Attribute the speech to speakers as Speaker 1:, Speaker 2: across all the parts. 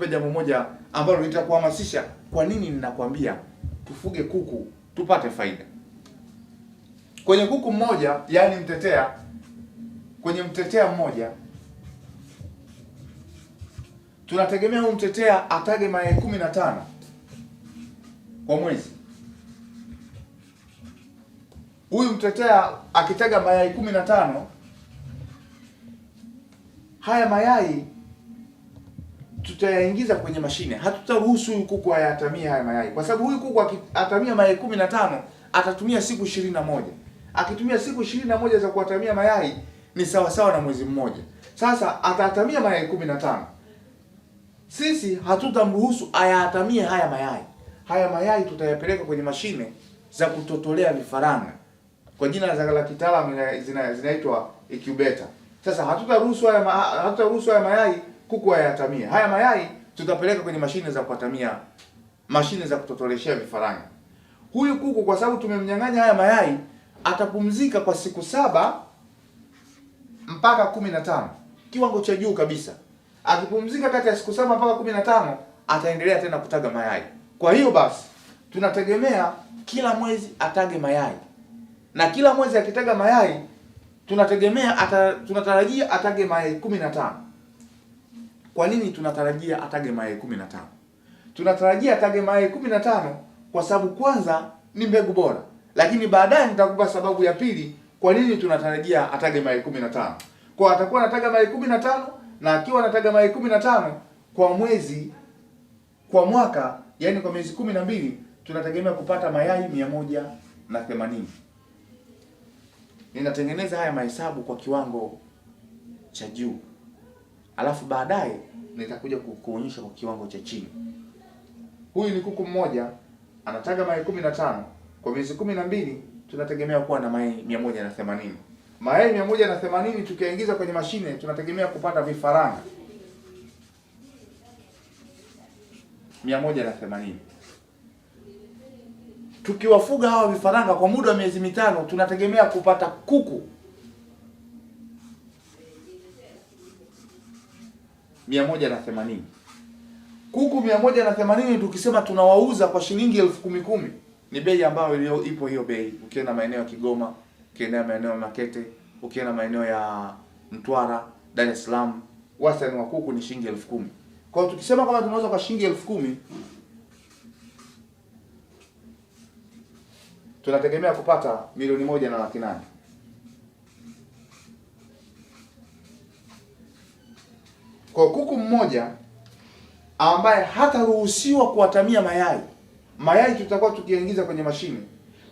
Speaker 1: nikupe jambo moja ambalo litakuhamasisha. Kwa nini ninakwambia tufuge kuku tupate faida? Kwenye kuku mmoja, yani mtetea, kwenye mtetea mmoja tunategemea huyu mtetea atage mayai kumi na tano kwa mwezi. Huyu mtetea akitaga mayai kumi na tano haya mayai tutayaingiza kwenye mashine. Hatutaruhusu huyu kuku ayatamie haya mayai, kwa sababu huyu kuku akiatamia mayai kumi na tano atatumia siku ishirini na moja. Akitumia siku ishirini na moja za kuatamia mayai ni sawa sawa na mwezi mmoja. Sasa ataatamia mayai kumi na tano. Sisi hatutamruhusu ayaatamie haya mayai. Haya mayai tutayapeleka kwenye mashine za kutotolea vifaranga, kwa jina za la kitaalamu zinaitwa zina incubator. Sasa hatutaruhusu haya, hatutaruhusu haya mayai kuku hayatamie. Haya mayai tutapeleka kwenye mashine za kuatamia, mashine za kutotoleshea vifaranga. Huyu kuku kwa sababu tumemnyang'anya haya mayai, atapumzika kwa siku saba mpaka kumi na tano kiwango cha juu kabisa. Akipumzika kati ya siku saba mpaka kumi na tano ataendelea tena kutaga mayai. Kwa hiyo basi tunategemea kila mwezi atage mayai, na kila mwezi akitaga mayai tunategemea ata, tunatarajia atage mayai kumi na tano. Kwa nini tunatarajia atage mayai kumi na tano? Tunatarajia atage mayai kumi na tano kwa sababu kwanza ni mbegu bora, lakini baadaye nitakupa sababu ya pili kwa nini tunatarajia atage mayai kumi na tano. Kwa atakuwa anataga mayai kumi na tano na akiwa anataga mayai kumi na tano kwa mwezi, kwa mwaka, yani kwa miezi kumi na mbili tunategemea kupata mayai mia moja na themanini. Ninatengeneza haya mahesabu kwa kiwango cha juu alafu baadaye nitakuja kuonyesha kwa kiwango cha chini. Huyu ni kuku mmoja anataga mayai kumi na tano kwa miezi kumi na mbili tunategemea kuwa na mayai mia moja na themanini mayai mia moja na themanini tukiingiza kwenye mashine tunategemea kupata vifaranga mia moja na themanini tukiwafuga hawa vifaranga kwa muda wa miezi mitano tunategemea kupata kuku mia moja na themanini. Kuku mia moja na themanini tukisema tunawauza kwa shilingi elfu kumi kumi, ni bei ambayo ipo hiyo bei. Ukienda maeneo ya Kigoma, ukienda maeneo ya Makete, ukienda maeneo ya Mtwara, Dar es Salaam, wastani wa kuku ni shilingi elfu kumi. Kwa hiyo tukisema kama tunauza kwa shilingi elfu kumi tunategemea kupata milioni moja na laki nane. Kwa kuku mmoja ambaye hataruhusiwa kuatamia mayai, mayai tutakuwa tukiingiza kwenye mashine,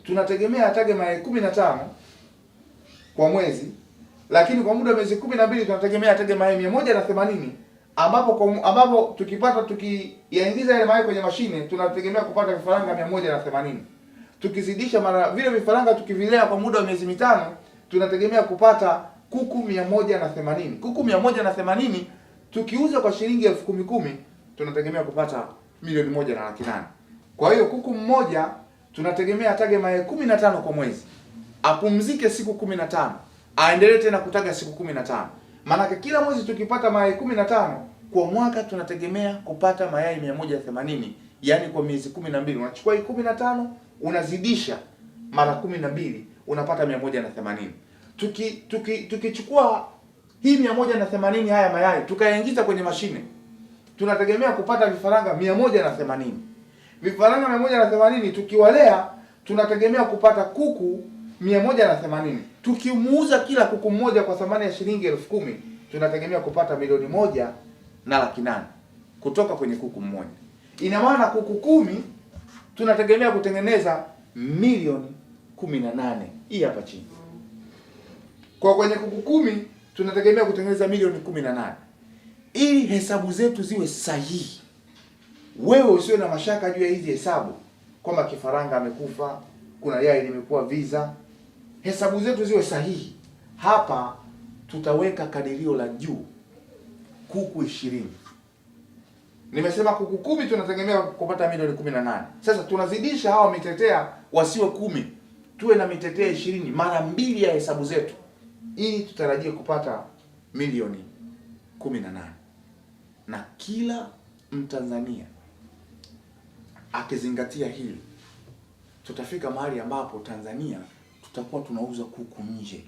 Speaker 1: tunategemea atage mayai kumi na tano kwa mwezi, lakini kwa muda wa miezi kumi na mbili tunategemea atage mayai mia moja na themanini ambapo kwa, ambapo tukipata tukiyaingiza yale mayai kwenye mashine tunategemea kupata vifaranga mia moja na themanini tukizidisha mara vile vifaranga tukivilea kwa muda wa miezi mitano tunategemea kupata kuku mia moja na themanini kuku mia moja na themanini Tukiuza kwa shilingi elfu kumi kumi tunategemea kupata milioni moja na laki nane. Kwa hiyo kuku mmoja tunategemea atage mayai kumi na tano kwa mwezi, apumzike siku kumi na tano aendelee tena kutaga siku kumi na tano Maanake kila mwezi tukipata mayai kumi na tano kwa mwaka tunategemea kupata mayai mia moja themanini yaani kwa miezi kumi na mbili unachukua hii kumi na tano unazidisha mara kumi na mbili unapata mia moja na themanini tukichukua tuki- tuki hii mia moja na themanini haya mayai tukayaingiza kwenye mashine, tunategemea kupata vifaranga mia moja na themanini vifaranga mia moja na themanini tukiwalea, tunategemea kupata kuku mia moja na themanini tukimuuza kila kuku mmoja kwa thamani ya shilingi elfu kumi tunategemea kupata milioni moja na laki nane kutoka kwenye kuku mmoja. Ina maana kuku kumi tunategemea kutengeneza milioni kumi na nane. Hii hapa chini kwa kwenye kuku kumi tunategemea kutengeneza milioni kumi na nane. Ili hesabu zetu ziwe sahihi, wewe usiwe na mashaka juu ya hizi hesabu kwamba kifaranga amekufa, kuna yai limekuwa viza. Hesabu zetu ziwe sahihi. Hapa tutaweka kadirio la juu, kuku ishirini. Nimesema kuku kumi tunategemea kupata milioni kumi na nane. Sasa tunazidisha hawa mitetea wasiwe kumi, tuwe na mitetea ishirini, mara mbili ya hesabu zetu ili tutarajie kupata milioni kumi na nane na kila Mtanzania akizingatia hili tutafika mahali ambapo Tanzania tutakuwa tunauza kuku nje.